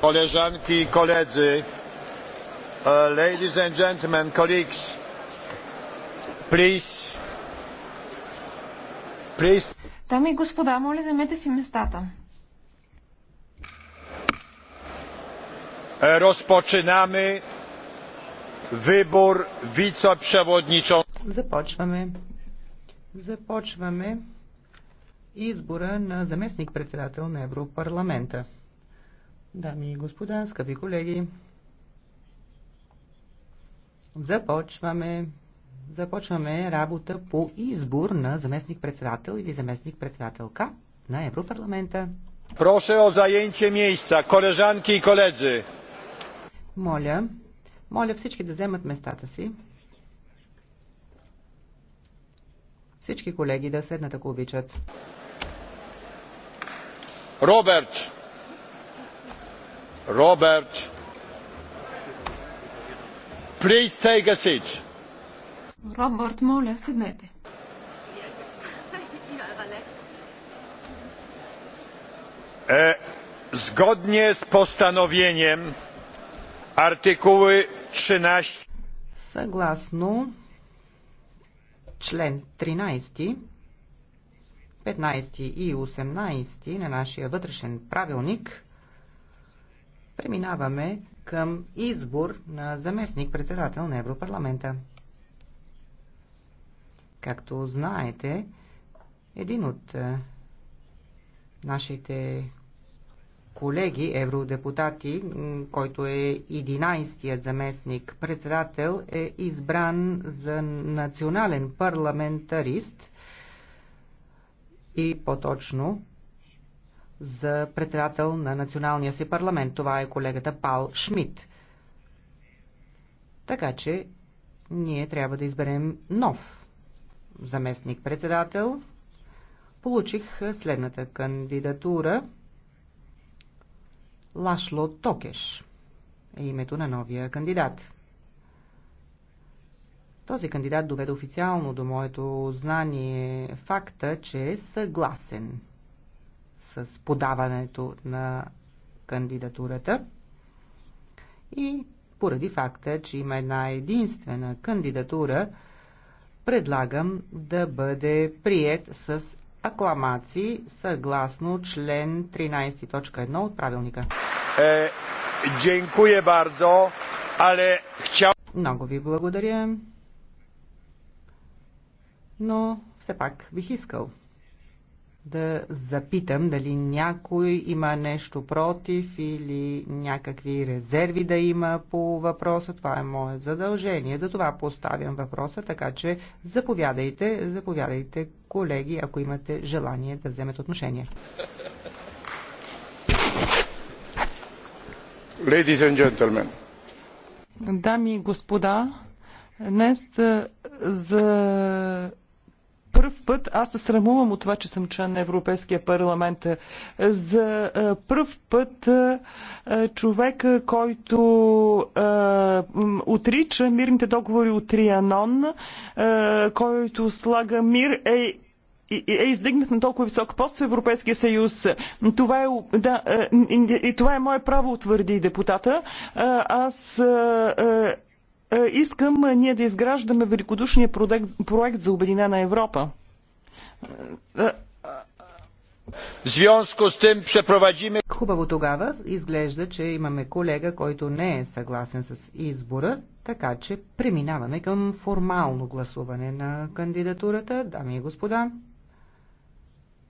Koleżanki i koledzy, e, ladies and gentlemen, colleagues, please, please. Дами и господа, моля, вземете си местата. Rozpoczynamy wybór wiceprzewodniczącego. Започваме. Започваме избора на заместник-председател на Европарламента. Дами и господа, скъпи колеги, започваме, започваме работа по избор на заместник-председател или заместник-председателка на Европарламента. Проше о заенче мейста, колежанки и колеги. Моля, моля всички да вземат местата си. Всички колеги да седнат, ако обичат. Роберт! Robert, please take a seat. Робърт, моля, седнете. E, zgodnie z postanowieniem artykuły 13 Согласно член 13, 15 и 18 на нашия вътрешен правилник преминаваме към избор на заместник-председател на Европарламента. Както знаете, един от е, нашите колеги, евродепутати, който е 11-тият заместник председател, е избран за национален парламентарист и по-точно за председател на националния си парламент. Това е колегата Пал Шмидт. Така че ние трябва да изберем нов заместник-председател. Получих следната кандидатура. Лашло Токеш е името на новия кандидат. Този кандидат доведе официално до моето знание факта, че е съгласен с подаването на кандидатурата и поради факта, че има една единствена кандидатура, предлагам да бъде прият с акламации съгласно член 13.1 от правилника. Е, бардзо, але хча... Много ви благодаря, но все пак бих искал да запитам дали някой има нещо против или някакви резерви да има по въпроса. Това е мое задължение. Затова поставям въпроса, така че заповядайте, заповядайте, колеги, ако имате желание да вземете отношение. Ladies and gentlemen. Дами и господа, днес е, за Първ път аз се срамувам от това, че съм член на Европейския парламент. За първ път човек, който отрича мирните договори от Трианон, който слага мир е е издигнат на толкова висок пост в Европейския съюз. Това е, да, и това е мое право, утвърди депутата. Аз е, искам е, ние да изграждаме великодушния проект за Обединена Европа. Е, Хубаво тогава изглежда, че имаме колега, който не е съгласен с избора, така че преминаваме към формално гласуване на кандидатурата. Дами и господа,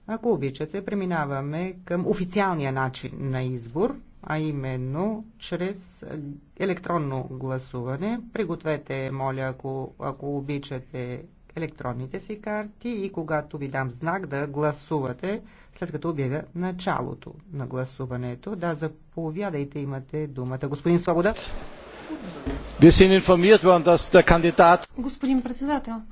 ако обичате, преминаваме към официалния начин на избор – а именно чрез електронно гласуване. Пригответе, моля, ако, ако обичате електронните си карти и когато ви дам знак да гласувате, след като обявя началото на гласуването. Да, заповядайте, имате думата. Господин Свобода. Господин председател,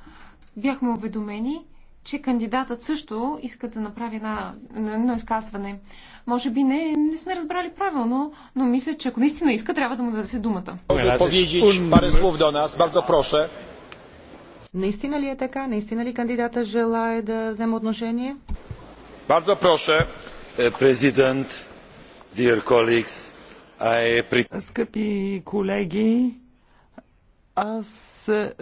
бяхме уведомени, че кандидатът също иска да направи една, едно изказване. Може би не, не сме разбрали правилно, но мисля, че ако наистина иска, трябва да му дадете думата. Наистина ли е така? Наистина ли кандидата желая да взема отношение? Bardzo проше. Е, президент, dear colleagues, I... Скъпи колеги, аз е,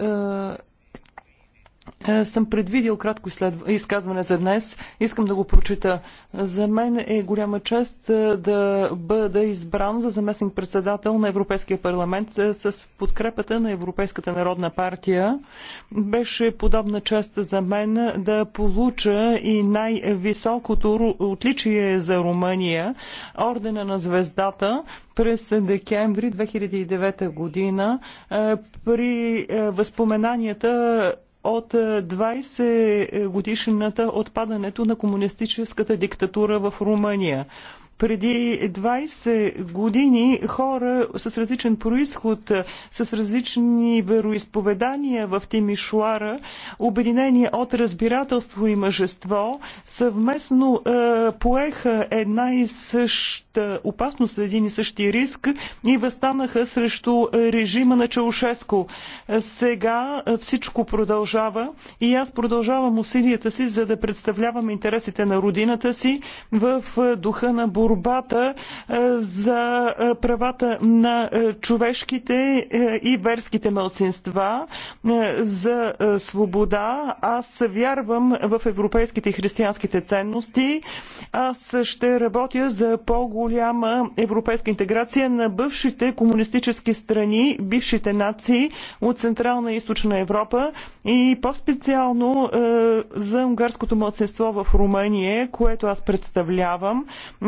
е, съм предвидил кратко изказване за днес. Искам да го прочита. За мен е голяма чест е, да бъда избран за заместник председател на Европейския парламент е, с подкрепата на Европейската народна партия. Беше подобна чест за мен да получа и най-високото отличие за Румъния ордена на звездата през декември 2009 година при възпоменанията от 20 е, е, годишната отпадането на комунистическата диктатура в Румъния. Преди 20 години хора с различен происход, е, с различни вероисповедания в Тимишуара, обединени от разбирателство и мъжество, съвместно е, поеха една и съща същата опасност, един и същи риск и възстанаха срещу режима на Чаушеско. Сега всичко продължава и аз продължавам усилията си, за да представлявам интересите на родината си в духа на борбата за правата на човешките и верските мълцинства, за свобода. Аз вярвам в европейските и християнските ценности. Аз ще работя за по-голяма по-голяма европейска интеграция на бившите комунистически страни, бившите нации от Централна и Източна Европа и по-специално е, за унгарското младсенство в Румъния, което аз представлявам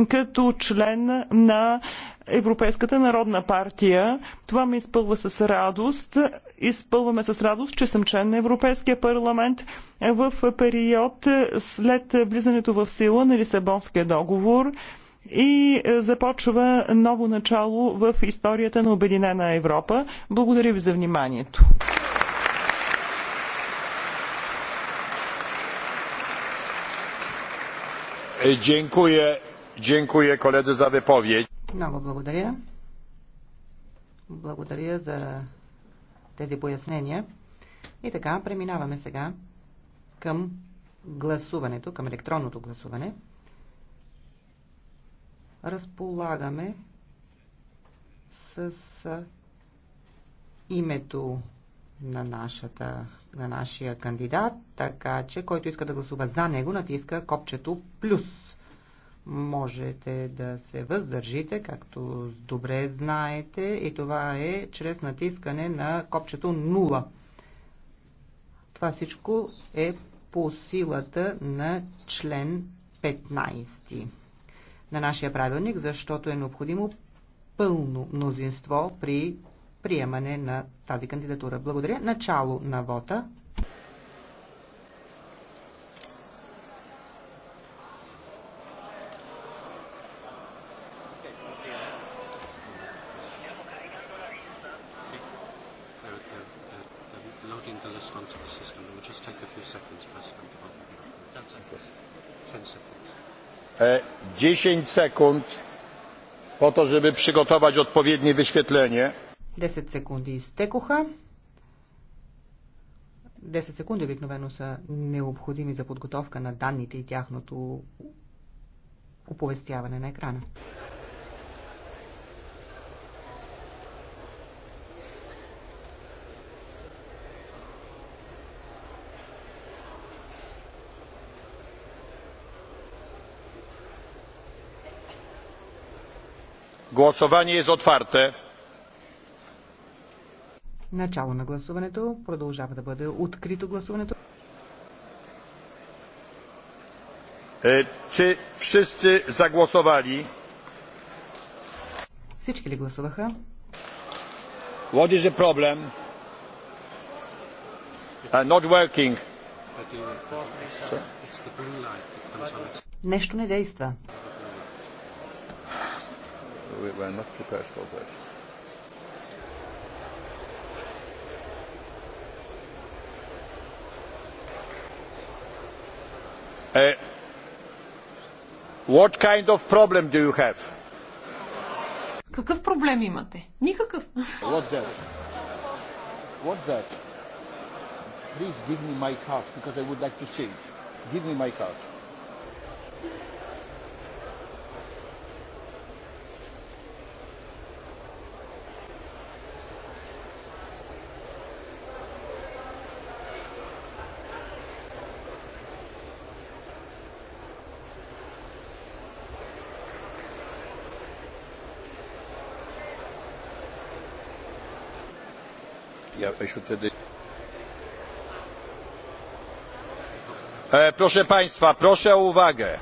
като член на Европейската народна партия. Това ме изпълва с радост. Изпълваме с радост, че съм член на Европейския парламент в период след влизането в сила на Лисабонския договор и е, започва ново начало в историята на Обединена Европа. Благодаря ви за вниманието. Е, Много благодаря. Благодаря за тези пояснения. И така, преминаваме сега към гласуването, към електронното гласуване разполагаме с името на, нашата, на нашия кандидат, така че който иска да гласува за него, натиска копчето плюс. Можете да се въздържите, както добре знаете, и това е чрез натискане на копчето 0. Това всичко е по силата на член 15 на нашия правилник, защото е необходимо пълно мнозинство при приемане на тази кандидатура. Благодаря. Начало на вота. dziesięć sekund po to, żeby przygotować odpowiednie wyświetlenie. 10 секунди изтекоха. Десет секунди обикновено са необходими за подготовка на данните и тяхното оповестяване на екрана. Гласование е отварте. Начало на гласуването. Продължава да бъде открито гласуването. Е, че wszyscy загласовали? Всички ли гласуваха? What is the problem? Uh, not working. Нещо не действа we, we're not prepared for that. Uh, what kind of problem do you have? Какъв проблем имате? Никакъв. What's that? What's that? Please give me my card because I would like to see it. Give me my card. poi succede. Proszę Państwa, proszę o uwagę.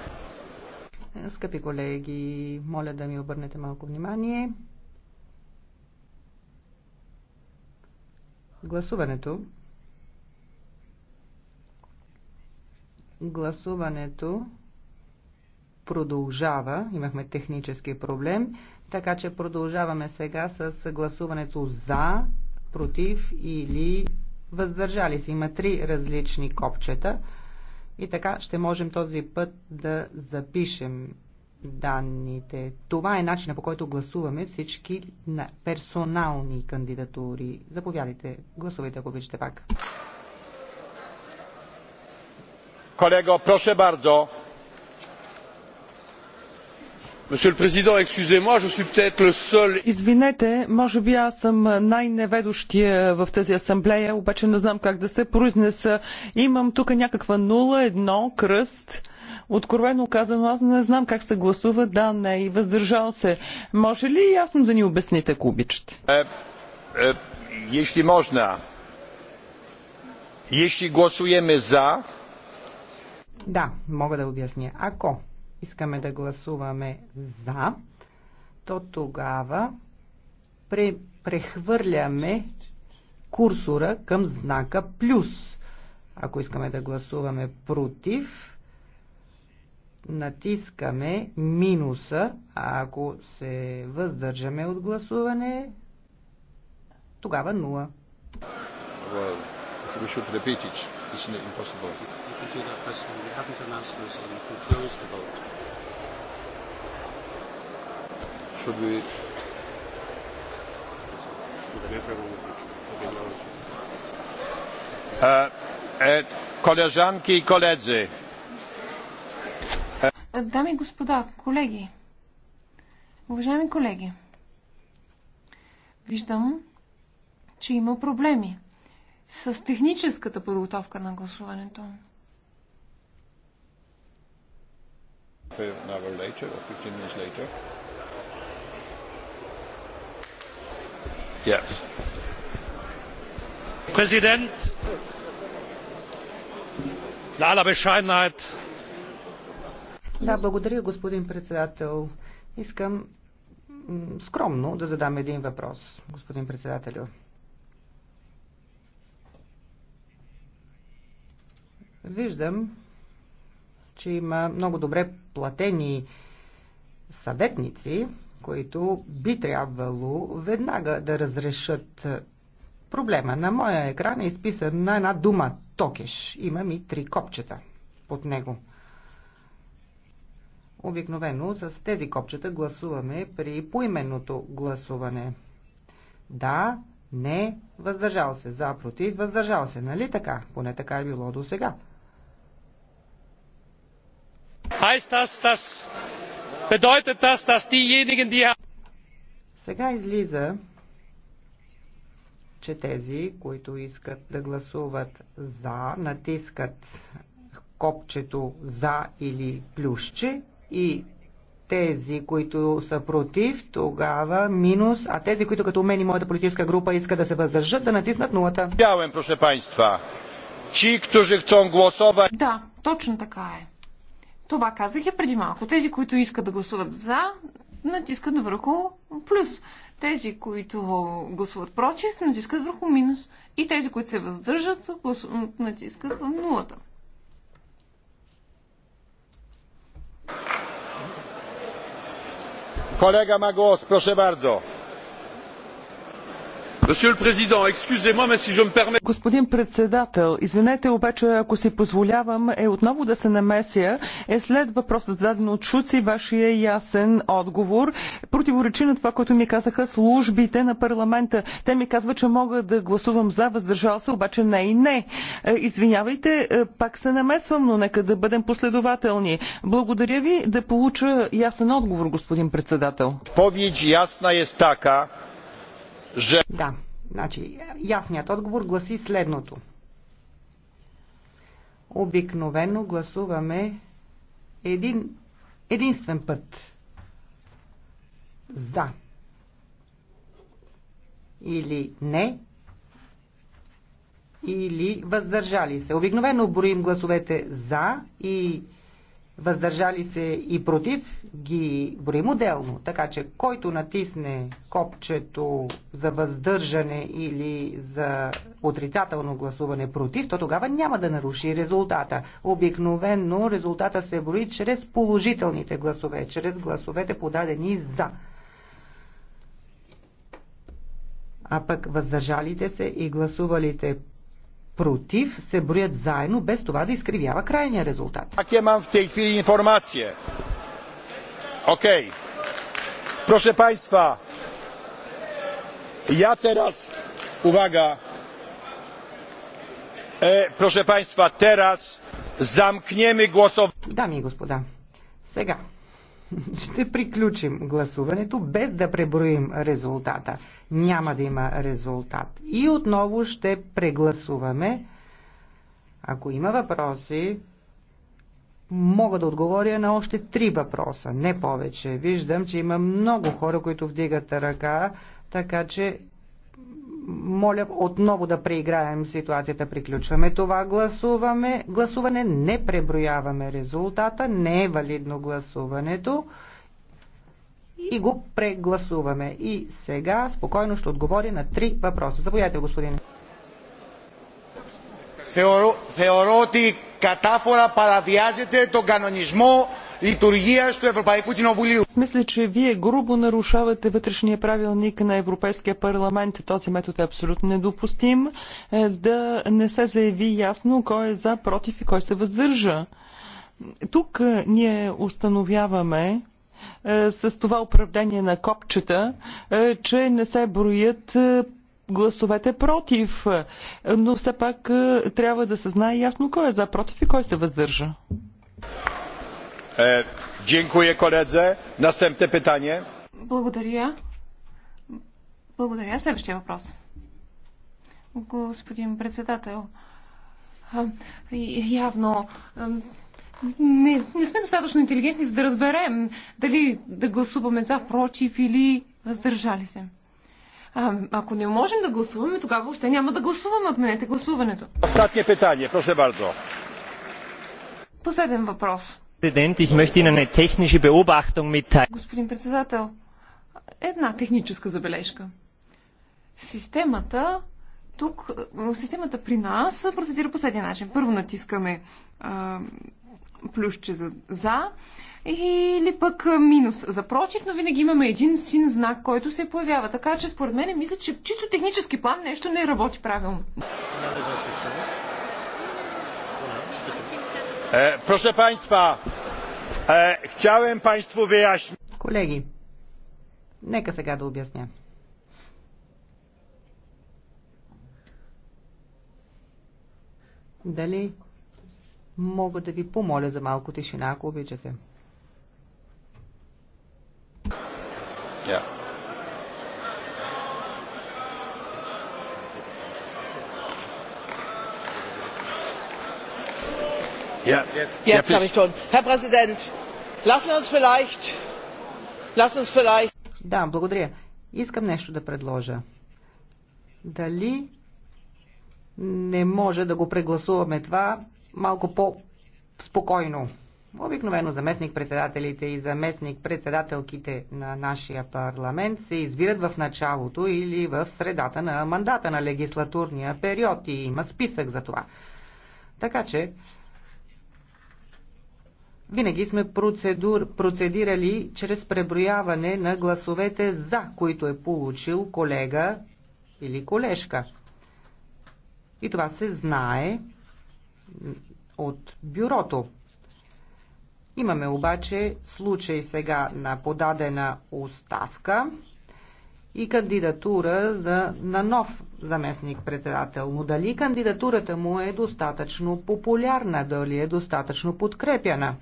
Скъпи колеги, моля да ми обърнете малко внимание. Гласуването. Гласуването продължава. Имахме технически проблем, така че продължаваме сега с гласуването за против или въздържали се. Има три различни копчета и така ще можем този път да запишем данните. Това е начинът по който гласуваме всички персонални кандидатури. Заповядайте, гласувайте, ако обичате пак. Колего, proszę bardzo. Извинете, може би аз съм най-неведощия в тази асамблея, обаче не знам как да се произнеса. Имам тук някаква нула, едно, кръст. Откровено казано, аз не знам как се гласува, да, не и въздържал се. Може ли ясно да ни обясните, ако обичате? Е, да, мога да обясня. Ако искаме да гласуваме за, то тогава прехвърляме курсора към знака плюс. Ако искаме да гласуваме против, натискаме минуса, а ако се въздържаме от гласуване, тогава 0. Well, we should repeat it. It's impossible. You can that personally. We haven't announced this and can close the vote. should we? Uh, eh, koleżanki i koledzy. Дами и господа, колеги, уважаеми колеги, виждам, че има проблеми с техническата подготовка на гласуването. An hour later or 15 minutes later. präsident! благодаря, господин председател. Искам скромно да задам един въпрос, господин председателю. Виждам, че има много добре платени съветници, които би трябвало веднага да разрешат е, проблема. На моя екран е изписана една дума токеш. Имам и три копчета под него. Обикновено с тези копчета гласуваме при поименното гласуване. Да, не, въздържал се, за, против, въздържал се, нали така? Поне така е било до сега. Хай, стас, стас! bedeutet das, dass diejenigen, die... Сега излиза, че тези, които искат да гласуват за, натискат копчето за или плюсче и тези, които са против, тогава минус, а тези, които като мен и моята политическа група искат да се въздържат, да натиснат нулата. Бялен, проше панства. Да, точно така е. Това казах и преди малко. Тези, които искат да гласуват за, натискат върху плюс. Тези, които гласуват против, натискат върху минус. И тези, които се въздържат, натискат в нулата. Колега Магос, проше бардзо. Господин председател, извинете, обаче ако си позволявам е отново да се намеся е след въпроса зададен от Шуци, вашия ясен отговор. Противоречи на това, което ми казаха службите на парламента. Те ми казват, че мога да гласувам за, въздържал се, обаче не и не. Е, извинявайте, е, пак се намесвам, но нека да бъдем последователни. Благодаря ви да получа ясен отговор, господин председател. ясна е така, да, значи ясният отговор гласи следното. Обикновено гласуваме един единствен път за или не или въздържали се. Обикновено броим гласовете за и въздържали се и против, ги броим отделно. Така че който натисне копчето за въздържане или за отрицателно гласуване против, то тогава няма да наруши резултата. Обикновенно резултата се брои чрез положителните гласове, чрез гласовете подадени за. А пък въздържалите се и гласувалите против се броят заедно, без това да изкривява крайния резултат. Так мам в tej хвили информация. Окей. Проше Proszę Я терас, увага, uwaga, e, proszę Państwa, teraz zamkniemy głosowanie. Dami господа, сега ще приключим гласуването без да преброим резултата. Няма да има резултат. И отново ще прегласуваме. Ако има въпроси, мога да отговоря на още три въпроса, не повече. Виждам, че има много хора, които вдигат ръка, така че моля отново да преиграем ситуацията. Приключваме това гласуваме. гласуване. Не преброяваме резултата. Не е валидно гласуването. И го прегласуваме. И сега спокойно ще отговори на три въпроса. Заповядайте, господине. Θεωρώ, θεωρώ ότι κατάφορα παραβιάζεται τον κανονισμό λειτουργίας του Ευρωπαϊκού Κοινοβουλίου. Мисля, че вие грубо нарушавате вътрешния правилник на Европейския парламент. Този метод е абсолютно недопустим. Е, да не се заяви ясно кой е за, против и кой се въздържа. Тук е, ние установяваме е, с това управление на копчета, че не се броят гласовете против. Но все пак трябва да се знае ясно кой е за против и кой се въздържа. E, Następne pytanie. Благодаря. Благодаря. Следващия въпрос. Господин председател, явно не, не сме достатъчно интелигентни, за да разберем дали да гласуваме за, против или въздържали се. А, ако не можем да гласуваме, тогава въобще няма да гласуваме. Отменете гласуването. Последен въпрос. Господин председател, една техническа забележка. Системата тук, е, системата при нас процедира последния начин. Първо натискаме а, плюсче за, за или пък минус за против, но винаги имаме един син знак, който се появява. Така че според мен мисля, че в чисто технически план нещо не работи правилно. E, proszę Państwa, e, chciałem Państwu wyjaśnić. Колеги, нека сега да обясня. Дали мога да ви помоля за малко тишина, ако обичате? Yeah. Да, благодаря. Искам нещо да предложа. Дали не може да го прегласуваме това малко по-спокойно? Обикновено заместник-председателите и заместник-председателките на нашия парламент се избират в началото или в средата на мандата на легислатурния период и има списък за това. Така че винаги сме процедур, процедирали чрез преброяване на гласовете за, които е получил колега или колежка. И това се знае от бюрото. Имаме обаче случай сега на подадена оставка и кандидатура за, на нов заместник-председател. Но дали кандидатурата му е достатъчно популярна, дали е достатъчно подкрепяна?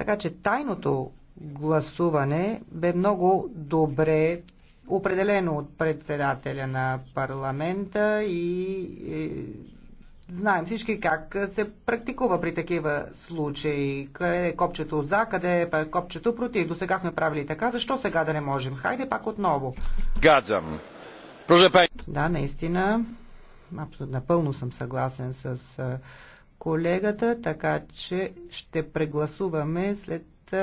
Така че тайното гласуване бе много добре определено от председателя на парламента и е, знаем всички как се практикува при такива случаи. Къде е копчето за, къде е копчето против. До сега сме правили така, защо сега да не можем? Хайде пак отново. Гадзам. Да, наистина. Абсолютно напълно съм съгласен с колегата, така че ще прегласуваме след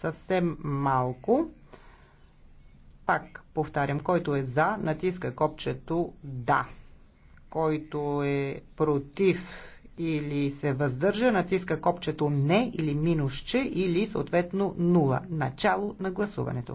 съвсем малко. Пак повтарям, който е за, натиска копчето да. Който е против или се въздържа, натиска копчето не или минусче или съответно нула. Начало на гласуването.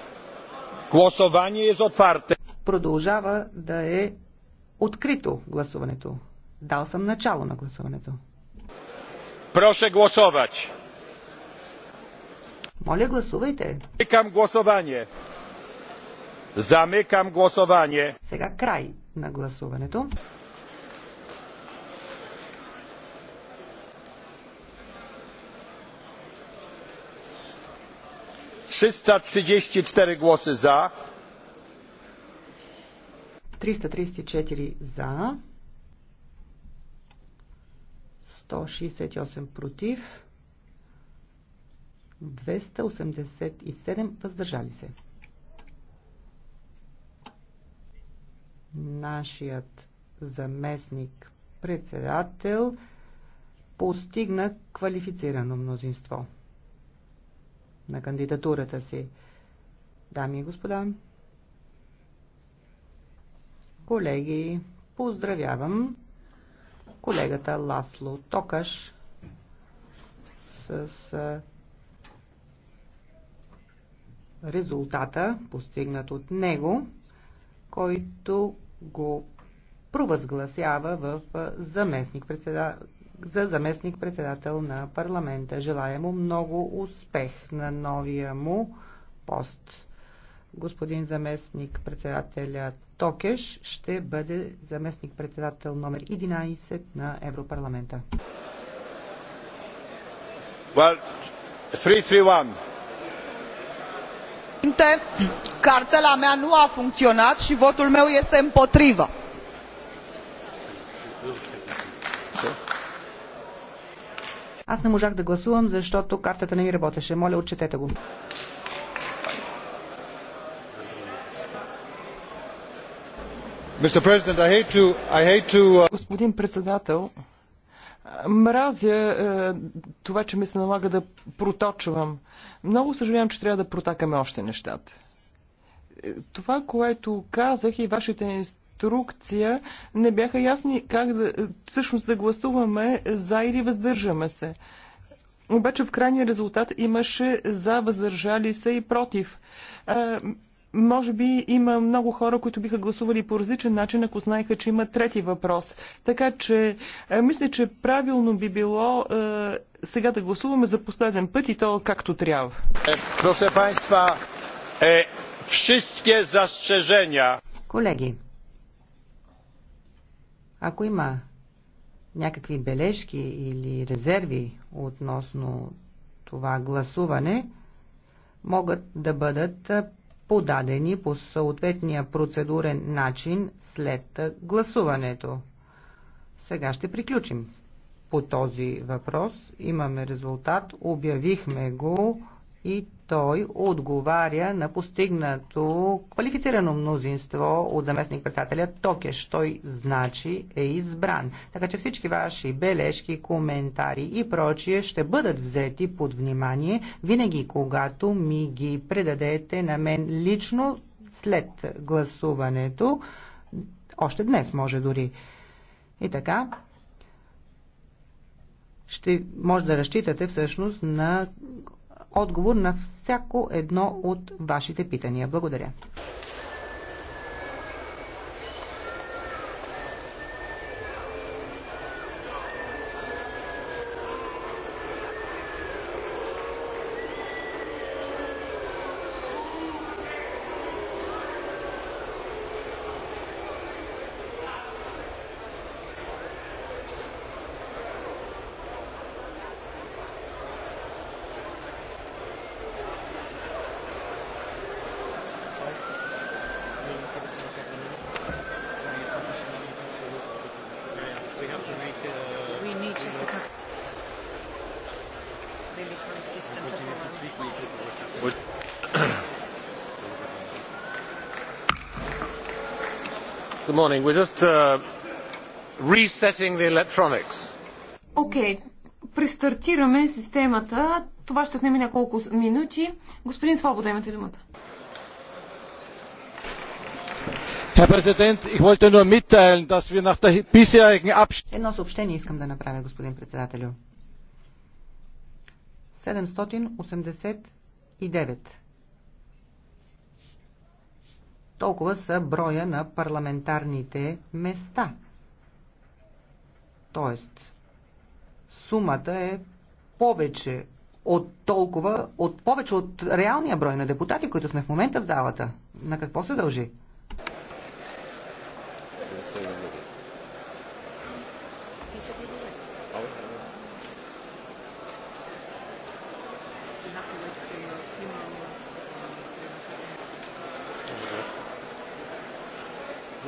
Гласование е отварте. Продължава да е открито гласуването. Дал съм начало на гласуването. Проше гласувач. Моля, гласувайте. Замикам гласуване. Замикам гласуване. Сега край на гласуването. trzysta trzydzieści cztery głosy za триста тридесет четири за 168 против 287 въздържали се нашият заместник председател постигна квалифицирано мнозинство на кандидатурата си. Дами и господа, колеги, поздравявам колегата Ласло Токаш с резултата, постигнат от него, който го провъзгласява в заместник председател за заместник-председател на парламента. Желая му много успех на новия му пост. Господин заместник-председателя Токеш ще бъде заместник-председател номер 11 на Европарламента. Карта 331. Cartela mea nu a funcționat și votul meu este împotrivă. Аз не можах да гласувам, защото картата не ми работеше. Моля, отчетете го. Uh, Господин председател, мразя е, това, че ми се налага да проточвам. Много съжалявам, че трябва да протакаме още нещата. Е, това, което казах и вашите инструкция не бяха ясни как да, всъщност да гласуваме за или въздържаме се. Обаче в крайния резултат имаше за, въздържали се и против. А, може би има много хора, които биха гласували по различен начин, ако знаеха, че има трети въпрос. Така че, а, мисля, че правилно би било а, сега да гласуваме за последен път и то както трябва. Е, проше панства, е, всички застрежения. Колеги, ако има някакви бележки или резерви относно това гласуване, могат да бъдат подадени по съответния процедурен начин след гласуването. Сега ще приключим по този въпрос. Имаме резултат, обявихме го и той отговаря на постигнато квалифицирано мнозинство от заместник-председателя Токеш. Той значи е избран. Така че всички ваши бележки, коментари и прочие ще бъдат взети под внимание винаги, когато ми ги предадете на мен лично след гласуването. Още днес може дори. И така, ще може да разчитате всъщност на отговор на всяко едно от вашите питания. Благодаря. morning. We're just uh, resetting the electronics. Окей, okay. престартираме системата. Това ще отнеме няколко минути. Господин Свобода, имате думата. Herr Präsident, ich wollte nur mitteilen, dass wir nach der bisherigen Abstimmung... Едно съобщение искам да направя, господин председателю. 789 толкова са броя на парламентарните места. Тоест, сумата е повече от толкова, от повече от реалния брой на депутати, които сме в момента в залата. На какво се дължи?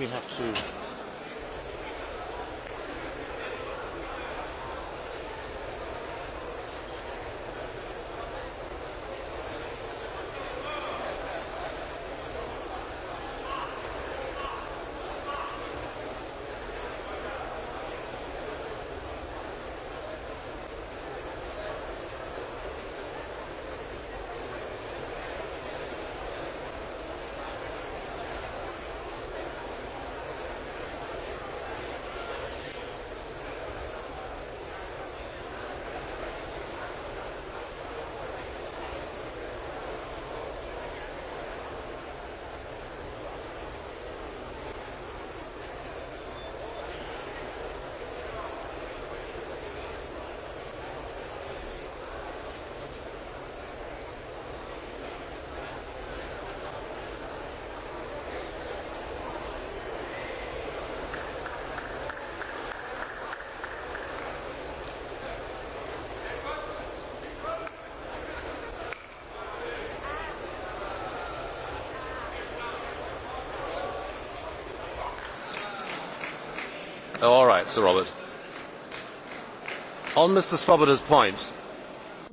we have to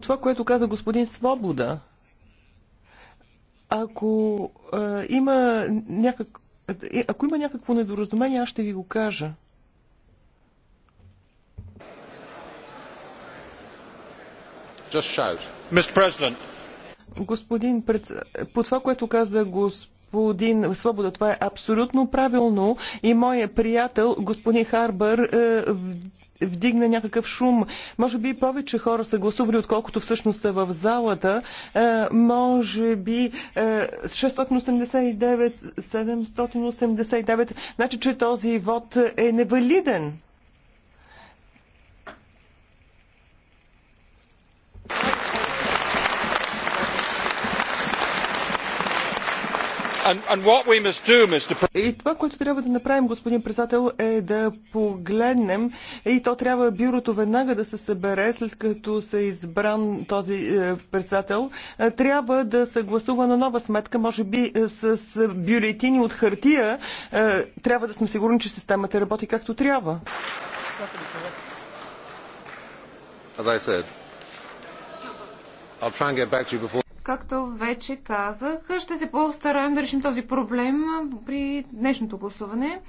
Това, което каза господин Свобода, ако е, има някак... Е, ако има някакво недоразумение, аз ще ви го кажа. Just shout. Господин пред... по това, което каза господин господин Свобода, това е абсолютно правилно и моя приятел, господин Харбър, е, вдигна някакъв шум. Може би повече хора са гласували, отколкото всъщност са в залата. Е, може би 689, е, 789. Значи, че този вод е невалиден. И това, което трябва да направим, господин председател, е да погледнем и то трябва бюрото веднага да се събере, след като се е избран този е, председател. Е, трябва да се гласува на нова сметка, може би с бюлетини от хартия. Трябва да сме сигурни, че системата работи както трябва. As I said, I'll try and get back to you before. Както вече казах, ще се постараем да решим този проблем при днешното гласуване.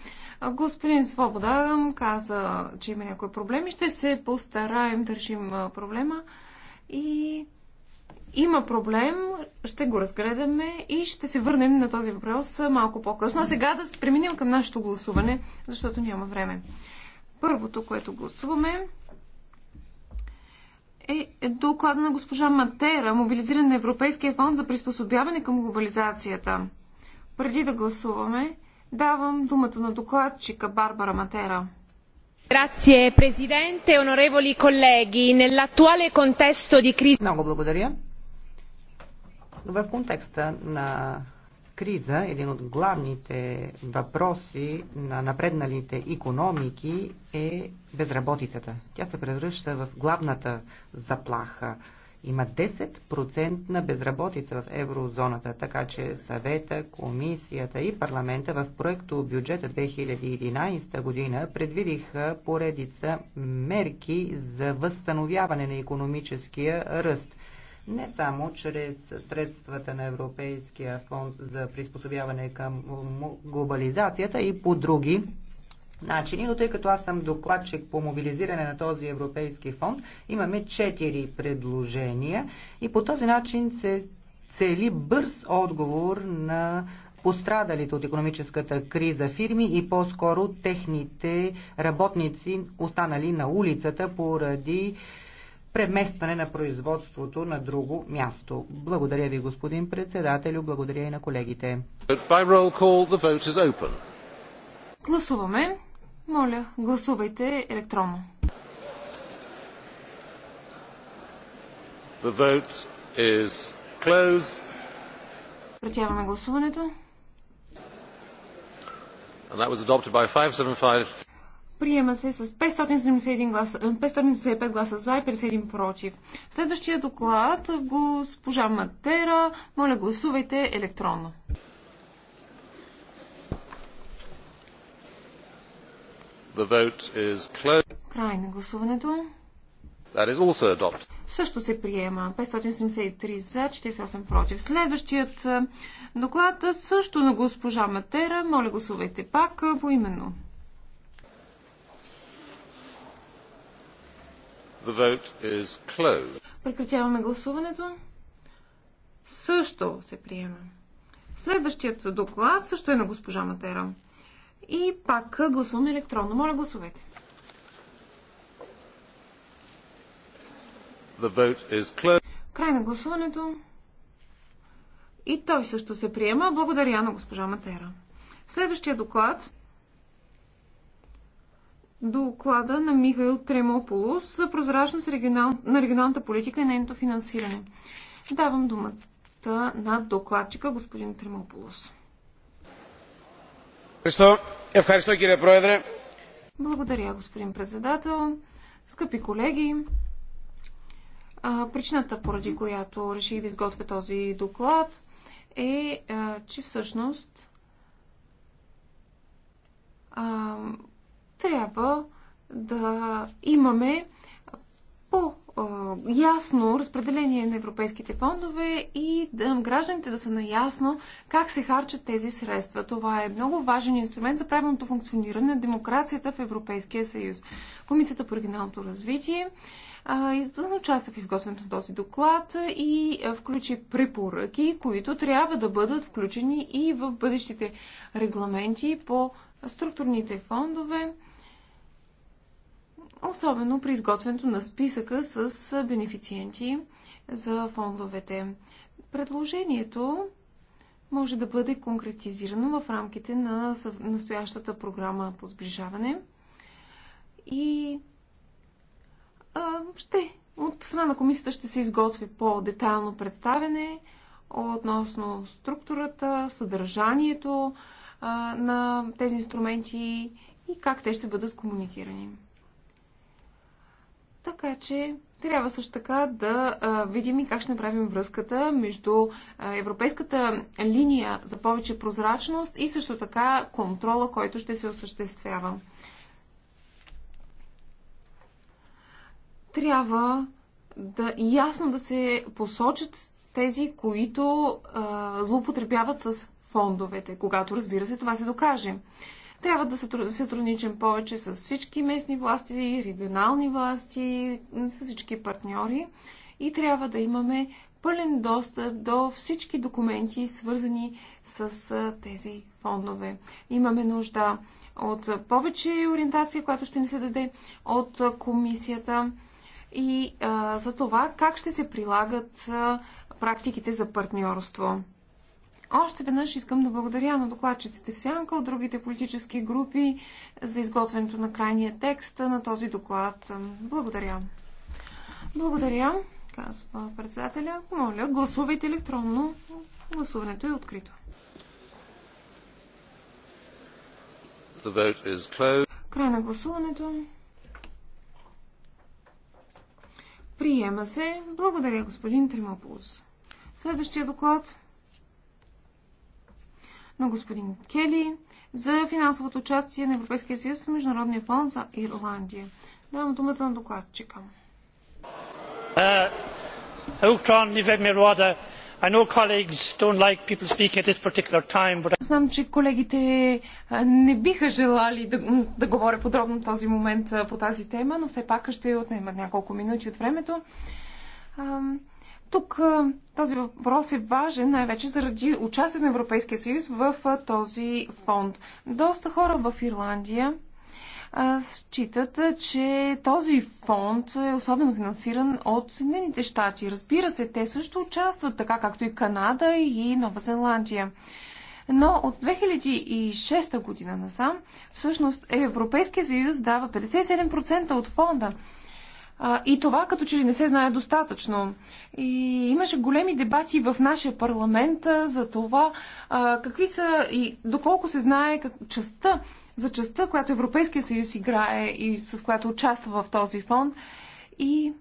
Господин Свобода каза, че има някои проблеми. Ще се постараем да решим проблема. И има проблем, ще го разгледаме и ще се върнем на този въпрос малко по-късно. А сега да се преминем към нашето гласуване, защото няма време. Първото, което гласуваме, е, е доклада на госпожа Матера, мобилизиран на Европейския фонд за приспособяване към глобализацията. Преди да гласуваме, давам думата на докладчика Барбара Матера. Grazie Presidente, onorevoli colleghi, nell'attuale contesto di crisi... Много благодаря. В контекста на криза един от главните въпроси на напредналите економики е безработицата. Тя се превръща в главната заплаха. Има 10% на безработица в еврозоната, така че съвета, комисията и парламента в проекто бюджета 2011 година предвидиха поредица мерки за възстановяване на економическия ръст не само чрез средствата на Европейския фонд за приспособяване към глобализацията и по други начини, но тъй като аз съм докладчик по мобилизиране на този европейски фонд, имаме четири предложения и по този начин се цели бърз отговор на пострадалите от економическата криза фирми и по-скоро техните работници, останали на улицата поради преместване на производството на друго място. Благодаря ви, господин председателю, благодаря и на колегите. Гласуваме. Моля, гласувайте електронно. The vote is closed. Претяваме гласуването. And that was adopted by 575. Приема се с 571 гласа, 575 е, гласа за и 51 против. Следващия доклад госпожа Матера. Моля, гласувайте електронно. The vote is closed. Край на гласуването. That is also adopted. Също се приема. 573 за, 48 против. Следващият е, доклад е също на госпожа Матера. Моля, гласувайте пак по именно. The vote is closed. Прекратяваме гласуването. Също се приема. Следващият доклад също е на госпожа Матера. И пак гласуваме електронно. Моля, гласовете. The vote is closed. Край на гласуването. И той също се приема. Благодаря на госпожа Матера. Следващия доклад доклада на Михаил Тремополос за прозрачност на регионалната политика и нейното финансиране. Давам думата на докладчика господин Тремополос. Благодаря, господин председател. Скъпи колеги, причината, поради която реших да изготвя този доклад, е, че всъщност трябва да имаме по-ясно разпределение на европейските фондове и да гражданите да са наясно как се харчат тези средства. Това е много важен инструмент за правилното функциониране на демокрацията в Европейския съюз. Комисията по регионалното развитие участва в изготвянето на този доклад и включи препоръки, които трябва да бъдат включени и в бъдещите регламенти по структурните фондове особено при изготвянето на списъка с бенефициенти за фондовете. Предложението може да бъде конкретизирано в рамките на настоящата програма по сближаване и а, ще от страна на комисията ще се изготви по-детайлно представене относно структурата, съдържанието а, на тези инструменти и как те ще бъдат комуникирани. Така че трябва също така да видим и как ще направим връзката между европейската линия за повече прозрачност и също така контрола, който ще се осъществява. Трябва да ясно да се посочат тези, които а, злоупотребяват с фондовете, когато разбира се това се докаже. Трябва да се сътрудничим повече с всички местни власти, регионални власти, с всички партньори и трябва да имаме пълен достъп до всички документи, свързани с тези фондове. Имаме нужда от повече ориентация, която ще ни се даде от комисията и а, за това как ще се прилагат а, практиките за партньорство. Още веднъж искам да благодаря на докладчиците в Сянка от другите политически групи за изготвянето на крайния текст на този доклад. Благодаря. Благодаря, казва председателя. Моля, гласувайте електронно. Гласуването е открито. Край на гласуването. Приема се. Благодаря, господин Тримополос. Следващия доклад на господин Кели за финансовото участие на Европейския съюз в Международния фонд за Ирландия. Давам думата на докладчика. Uh, Знам, че колегите не биха желали да, да говоря подробно в този момент по тази тема, но все пак ще отнемат няколко минути от времето. Тук този въпрос е важен най-вече заради участие на Европейския съюз в този фонд. Доста хора в Ирландия считат, че този фонд е особено финансиран от Съединените щати. Разбира се, те също участват, така както и Канада и Нова Зеландия. Но от 2006 година насам, всъщност Европейския съюз дава 57% от фонда. А, и това като че ли не се знае достатъчно. И имаше големи дебати в нашия парламент а, за това а, какви са и доколко се знае как, частта, за частта, която Европейския съюз играе и с която участва в този фонд. И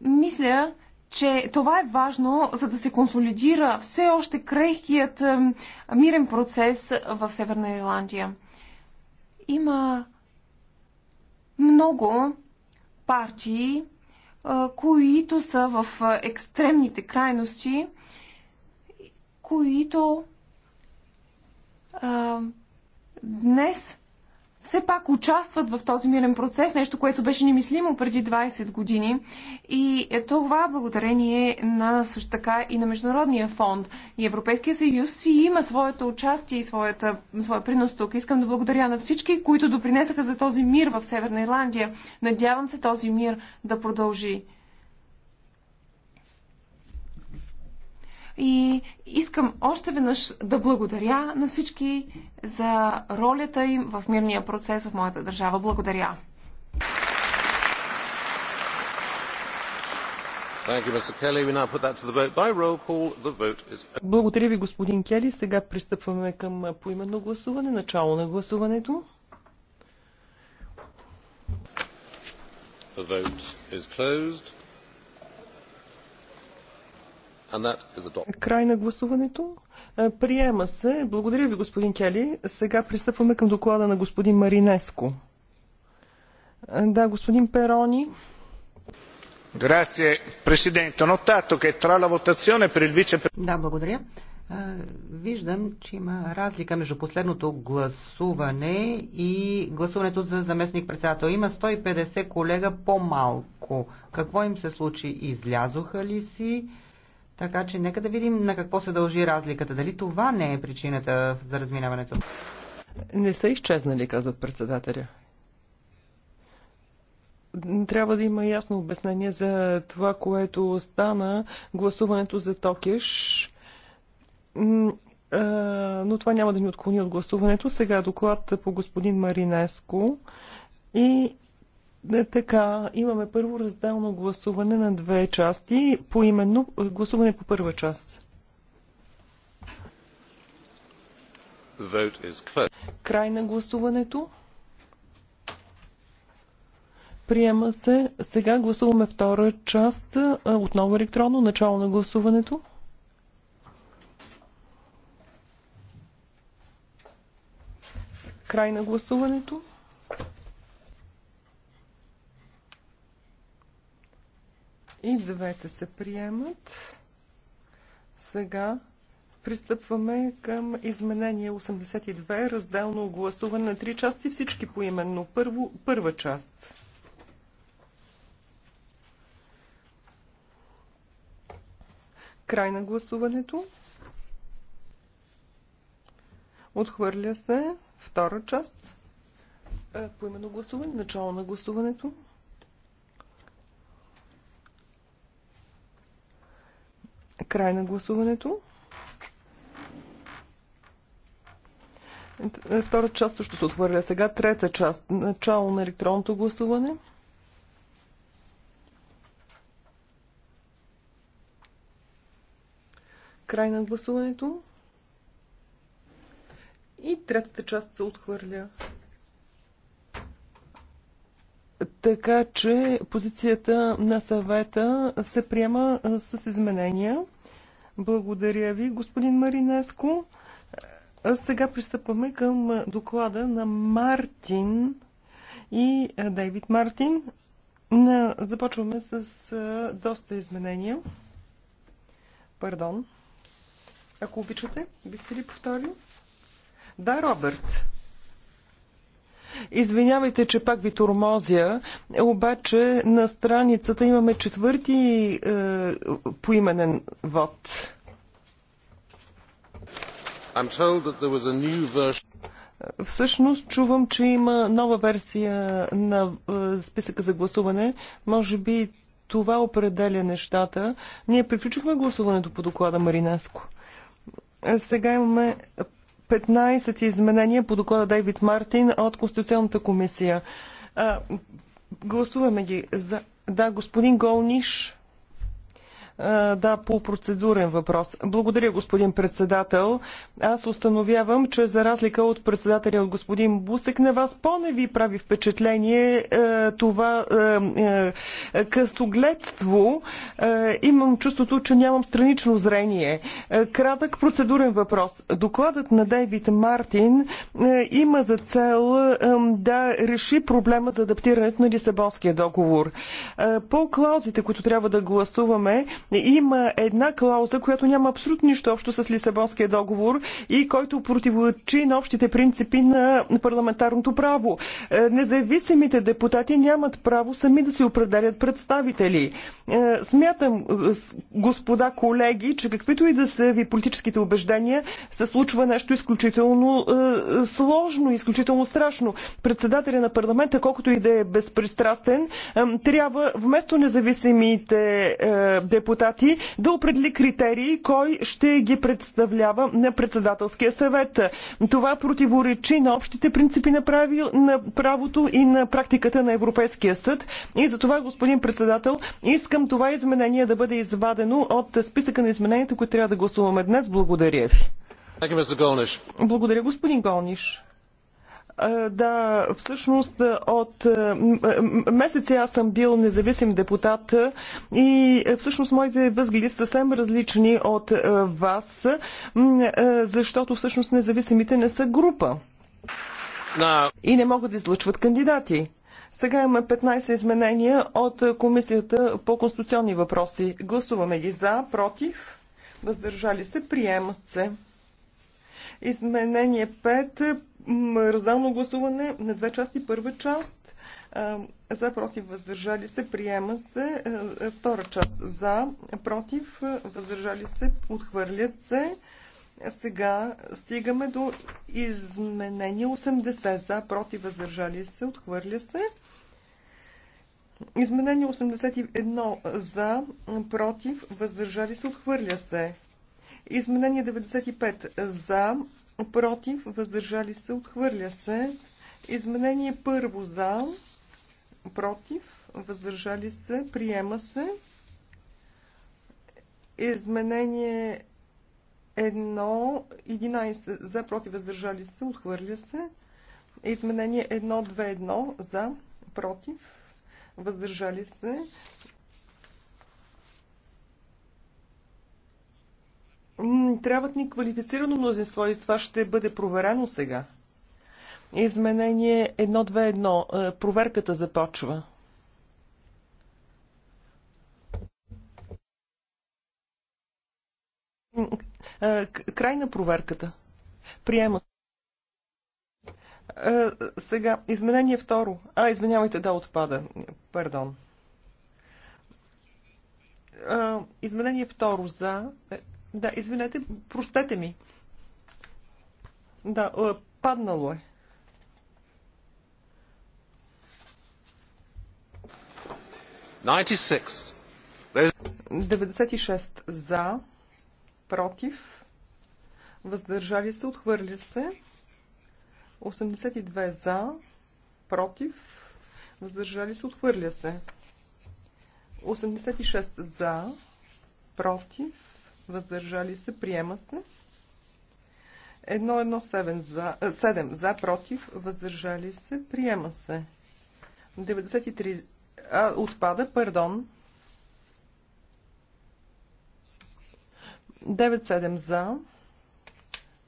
мисля, че това е важно, за да се консолидира все още крехкият мирен процес в Северна Ирландия. Има много партии, които са в екстремните крайности, които днес все пак участват в този мирен процес, нещо, което беше немислимо преди 20 години. И е това благодарение на също така и на Международния фонд. И Европейския съюз си има своето участие и своята, своя принос тук. Искам да благодаря на всички, които допринесаха за този мир в Северна Ирландия. Надявам се този мир да продължи. И искам още веднъж да благодаря на всички за ролята им в мирния процес в моята държава. Благодаря. Благодаря ви, господин Кели. Сега пристъпваме към поименно гласуване. Начало на гласуването. The vote is closed. Край на гласуването. Приема се. Благодаря ви, господин Кели. Сега пристъпваме към доклада на господин Маринеско. Да, господин Перони. Grazie Presidente, ho notato che tra la votazione per il vicepresidente... Да, благодаря. Виждам, че има разлика между последното гласуване и гласуването за заместник-председател. Има 150 колега по-малко. Какво им се случи? Излязоха ли си? Така че нека да видим на какво се дължи разликата. Дали това не е причината за разминаването? Не са изчезнали, казват председателя. Трябва да има ясно обяснение за това, което стана гласуването за Токеш. Но това няма да ни отклони от гласуването. Сега доклад по господин Маринеско и е, така, имаме първо разделно гласуване на две части, по именно е, гласуване по първа част. Край на гласуването. Приема се. Сега гласуваме втора част. Е, отново електронно. Начало на гласуването. Край на гласуването. И двете се приемат. Сега пристъпваме към изменение 82, разделно гласуване на три части, всички поименно. Първо, първа част. Край на гласуването. Отхвърля се втора част. Е, поименно гласуване, начало на гласуването. Край на гласуването. Втора част също се отхвърля. Сега трета част. Начало на електронното гласуване. Край на гласуването. И третата част се отхвърля. Така че позицията на съвета се приема с изменения. Благодаря ви, господин Маринеско. Сега пристъпваме към доклада на Мартин и Дейвид Мартин. Започваме с доста изменения. Пардон. Ако обичате, бихте ли повторили? Да, Робърт. Извинявайте, че пак ви тормозя, обаче на страницата имаме четвърти е, поименен вод. I'm told that there was a new version. Всъщност чувам, че има нова версия на е, списъка за гласуване. Може би това определя нещата. Ние приключихме гласуването по доклада Маринеско. Е, сега имаме 15 изменения по доклада Дейвид Мартин от Конституционната комисия. А, гласуваме ги. За... Да, господин Голниш. Да, по процедурен въпрос. Благодаря, господин председател. Аз установявам, че за разлика от председателя от господин Бусек, на вас по-не ви прави впечатление е, това е, е, късогледство. Имам чувството, че нямам странично зрение. Кратък процедурен въпрос. Докладът на Дейвид Мартин има за цел да реши проблема за адаптирането на Лисабонския договор. По клаузите, които трябва да гласуваме, има една клауза, която няма абсолютно нищо общо с Лисабонския договор и който противоречи на общите принципи на парламентарното право. Е, независимите депутати нямат право сами да се определят представители. Е, смятам, е, господа колеги, че каквито и да са ви политическите убеждения, се случва нещо изключително сложно, изключително страшно. Председателя на парламента, колкото и да е безпристрастен, трябва вместо независимите депутати, депутати да определи критерии, кой ще ги представлява на председателския съвет. Това противоречи на общите принципи на, на правото и на практиката на Европейския съд. И за това, господин председател, искам това изменение да бъде извадено от списъка на измененията, които трябва да гласуваме днес. Благодаря ви. Благодаря, господин Голниш. Да, всъщност от месеци аз съм бил независим депутат и всъщност моите възгледи са съвсем различни от вас, защото всъщност независимите не са група. No. И не могат да излъчват кандидати. Сега има 15 изменения от Комисията по конституционни въпроси. Гласуваме ги за, против, въздържали се, приемат се. Изменение 5 Раздално гласуване на две части. Първа част за против въздържали се приема се. Втора част за против въздържали се отхвърлят се. Сега стигаме до изменение 80 за против въздържали се отхвърля се. Изменение 81 за против въздържали се отхвърля се. Изменение 95 за против, въздържали се, отхвърля се. Изменение първо за, против, въздържали се, приема се. Изменение едно 11 за, против, въздържали се, отхвърля се. Изменение едно две, едно за, против, въздържали се, Трябват ни квалифицирано мнозинство и това ще бъде проверено сега. Изменение 1-2-1. Е, проверката започва. Е, край на проверката. Приема. Е, сега, изменение второ. А, извинявайте, да, отпада. Пардон. Изменение второ за, да, извинете, простете ми. Да, е, паднало е. Ninety 96 за, против, въздържали се, отхвърля се. 82 за, против, въздържали се, отхвърля се. 86 за, против, въздържали се, приема се. 117 за, 7 за, против, въздържали се, приема се. 93 а, отпада, пардон. 97 за,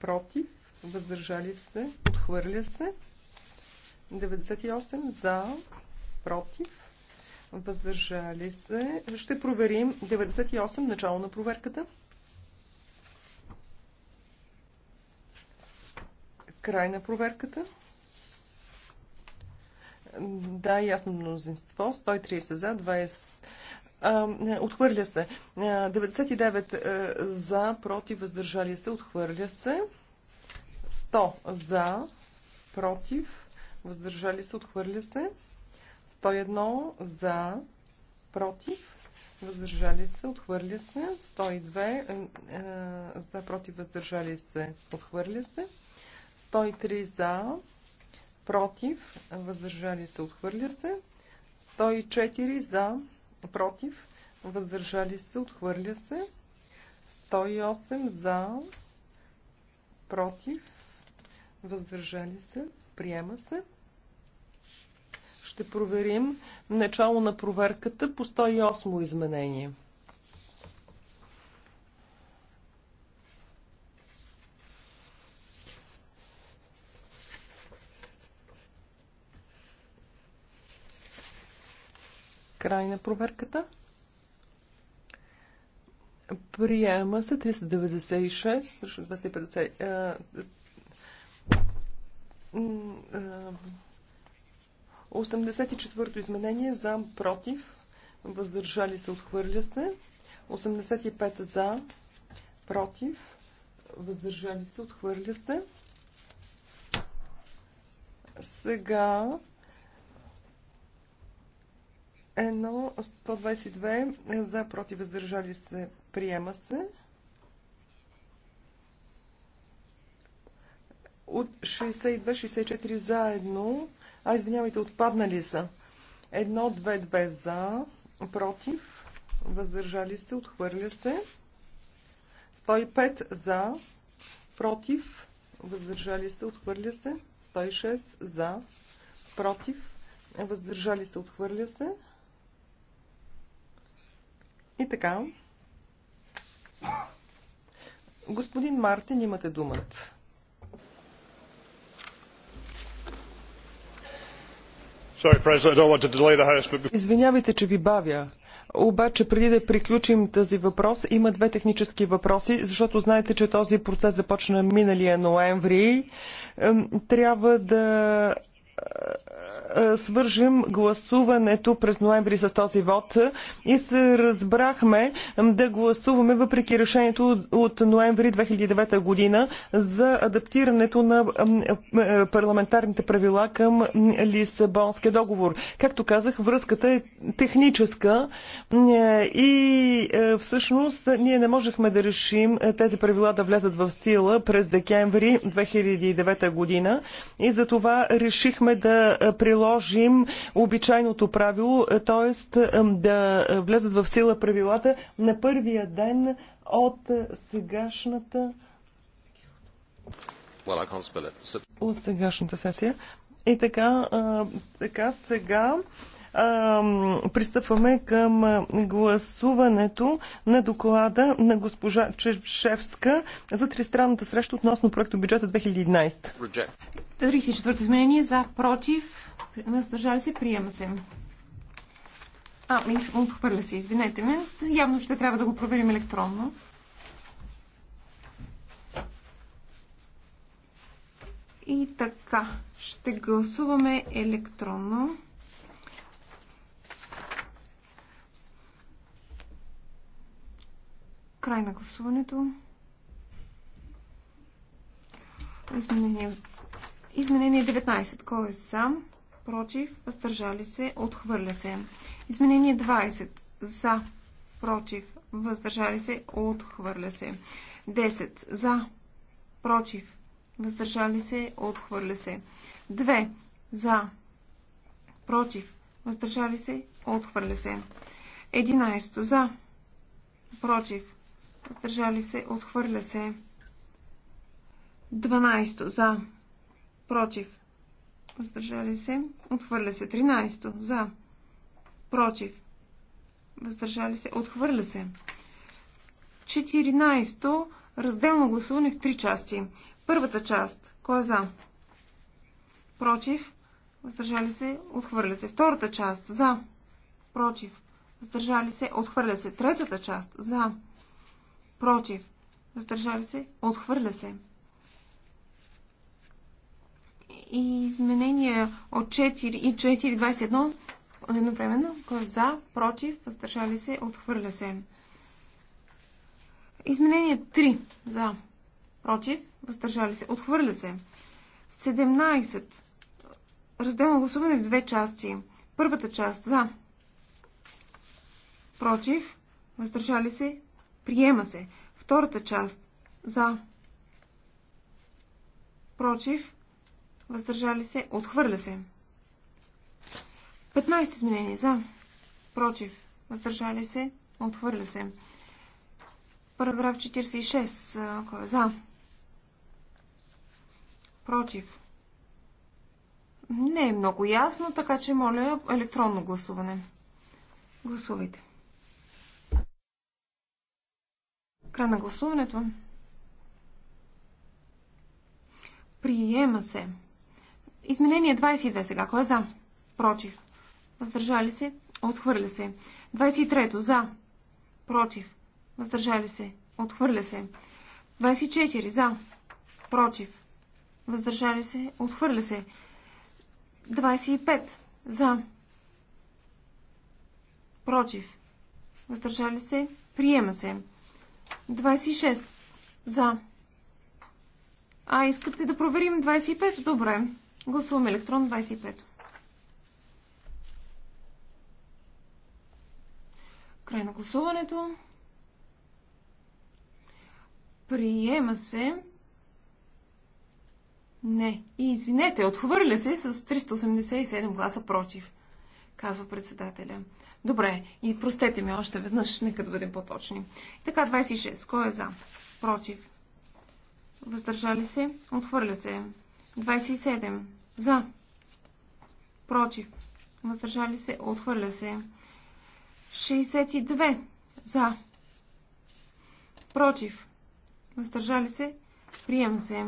против, въздържали се, отхвърля се. 98 за, против, въздържали се. Ще проверим 98 начало на проверката. Край на проверката. Да, ясно мнозинство. 130 за, 20 Отхвърля се. 99 за, против, въздържали се. Отхвърля се. 100 за, против, въздържали се. Отхвърля се. 101 за, против, въздържали се. Отхвърля се. 102 за, против, въздържали се. Отхвърля се. 103 за, против, въздържали се, отхвърля се. 104 за, против, въздържали се, отхвърля се. 108 за, против, въздържали се, приема се. Ще проверим начало на проверката по 108 изменение. Край на проверката. Приема се 396 срещу 250. 84-то е, е, е, изменение за, против, въздържали се, отхвърля се. 85 за, против, въздържали се, отхвърля се. Сега 1, 122 за, против, въздържали се, приема се. От 62-64 заедно, а извинявайте, отпаднали са. 1-2-2 за, против, въздържали се, отхвърля се. 105 за, против, въздържали се, отхвърля се. 106 за, против, въздържали се, отхвърля се. И така. Господин Мартин, имате думата. Извинявайте, че ви бавя. Обаче, преди да приключим тази въпрос, има две технически въпроси, защото знаете, че този процес започна миналия ноември. Трябва да е, е, свържем гласуването през ноември с този вод и се разбрахме да гласуваме въпреки решението от ноември 2009 година за адаптирането на е, парламентарните правила към Лисабонския договор. Както казах, връзката е техническа и всъщност ние не можехме да решим тези правила да влязат в сила през декември 2009 година и за това решихме искахме да приложим обичайното правило, т.е. да влезат в сила правилата на първия ден от сегашната от сегашната сесия. И така, така сега пристъпваме към гласуването на доклада на госпожа Чешевска за тристранната среща относно проекто бюджета 2011. 34 изменение за, против, въздържали се, приема се. А, отхвърля се, извинете ме. Явно ще трябва да го проверим електронно. И така, ще гласуваме електронно. Край на гласуването. Изменение, изменение 19. Кой е за? Против? Въздържали се? Отхвърля се. Изменение 20. За? Против? Въздържали се? Отхвърля се. 10. За? Против? Въздържали се? Отхвърля се. 2. За? Против? Въздържали се? Отхвърля се. 11. За? Против? Въздържали се. Отхвърля се. 12 за. Против. Въздържали се. Отхвърля се. 13 за. Против. Въздържали се. Отхвърля се. 14 разделно гласуване в три части. Първата част. Кой е за? Против. Въздържали се. Отхвърля се. Втората част. За. Против. Въздържали се. Отхвърля се. Третата част. За против, въздържали се, отхвърля се. И изменения от 4 и 4.21 едновременно, кой е за, против, въздържали се, отхвърля се. Изменение 3 за, против, въздържали се, отхвърля се. 17. Разделно гласуване в две части. Първата част за, против, въздържали се, Приема се. Втората част. За. Против. Въздържали се. Отхвърля се. 15 изменение. За. Против. Въздържали се. Отхвърля се. Параграф 46. Е за. Против. Не е много ясно, така че моля електронно гласуване. Гласувайте. Край на гласуването. Приема се. Изменение 22 сега. Кой е за? Против. Въздържали се? Отхвърля се. 23. За. Против. Въздържали се. Отхвърля се. 24. За. Против. Въздържали се. Отхвърля се. 25. За. Против. Въздържали се. Приема се. 26. За. А, искате да проверим 25? Добре. Гласуваме електрон 25. Край на гласуването. Приема се. Не. И извинете, отхвърля се с 387 гласа против, казва председателя. Добре, и простете ми още веднъж, нека да бъдем по-точни. Така, 26. Кой е за? Против. Въздържали се? Отхвърля се. 27. За. Против. Въздържали се? Отхвърля се. 62. За. Против. Въздържали се? Приема се.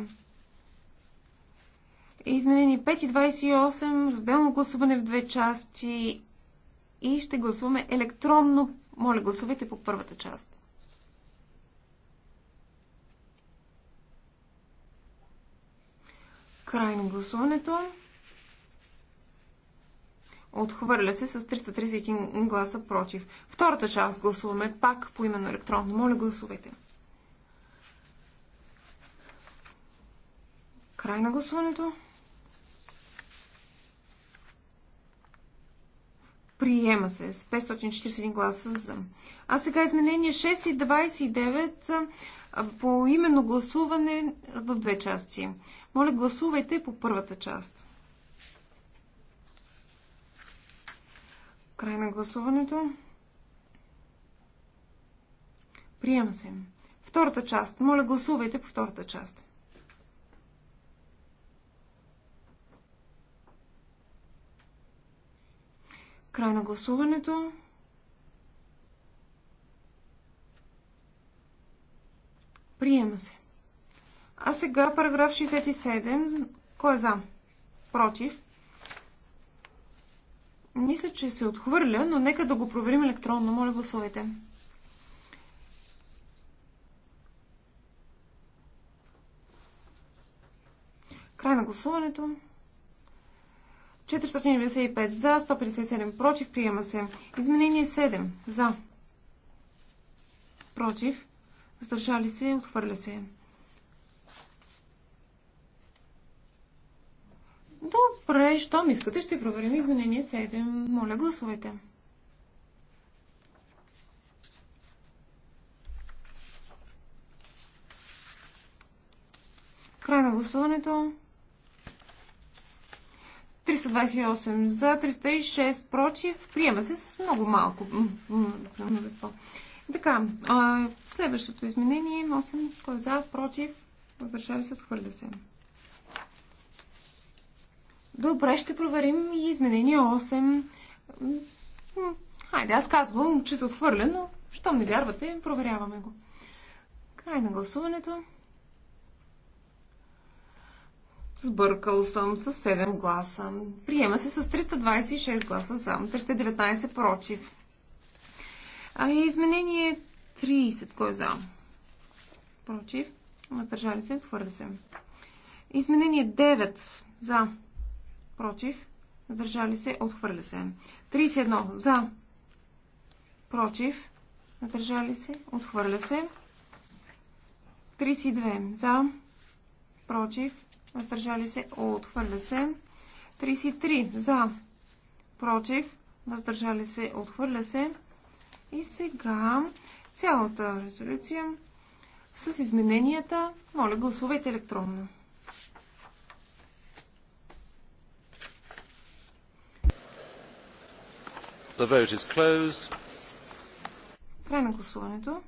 Изменени 5 и 28, разделно гласуване в две части и ще гласуваме електронно. Моля, гласувайте по първата част. Край на гласуването. Отхвърля се с 331 гласа против. Втората част гласуваме пак по именно електронно. Моля, гласувайте. Край на гласуването. Приема се с 541 гласа за. А сега изменение 6 и 29 по именно гласуване в две части. Моля, гласувайте по първата част. Край на гласуването. Приема се. Втората част. Моля, гласувайте по втората част. Край на гласуването. Приема се. А сега параграф 67. Кой е за? Против. Мисля, че се отхвърля, но нека да го проверим електронно. Моля, гласувайте. Край на гласуването. 495 за, 157 против, приема се. Изменение 7 за, против, въздържали се, отхвърля се. Добре, щом искате, ще проверим изменение 7. Моля, гласувайте. Край на гласуването. 328 за, 306 против. Приема се с много малко мнозинство. Така, а, следващото изменение 8. Е Кой е за, против, въздържали се, отхвърля се. Добре, ще проверим и изменение 8. Хайде, аз казвам, че се отхвърля, но щом не вярвате, проверяваме го. Край на гласуването. Сбъркал съм с 7 гласа. Приема се с 326 гласа за, 319 против. А изменение 30. Кой е за? Против. Въздържали се, отхвърля се. Изменение 9. За. Против. Въздържали се, отхвърля се. 31. За. Против. Въздържали се, отхвърля се. 32. За. Против въздържали се, отхвърля се. 33 за, против, въздържали се, отхвърля се. И сега цялата резолюция с измененията. Моля, гласувайте електронно. The vote is closed. Край на гласуването.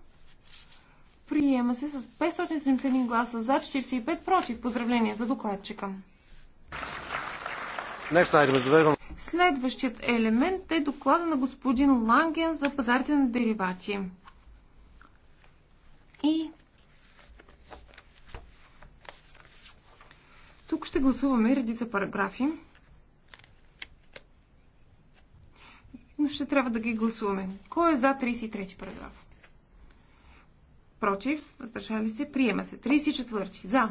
Приема се с 571 гласа за, 45 против. Поздравление за докладчика. Следващият елемент е доклада на господин Ланген за пазарите на деривати. И тук ще гласуваме редица параграфи. Но ще трябва да ги гласуваме. Кой е за 33 параграф? Против. Въздържали се. Приема се. 34. За.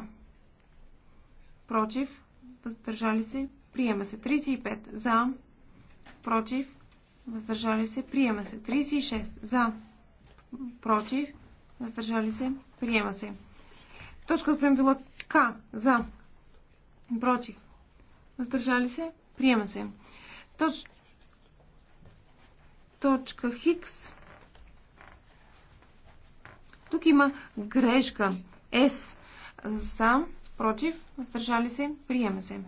Против. Въздържали се. Приема се. 35. За. Против. Въздържали се. Приема се. 36. За. Против. Въздържали се. Приема се. Точка от било К. За. Против. Въздържали се. Приема се. Точ... Точка Хикс. Тук има грешка. С за, против, въздържали се, приема се.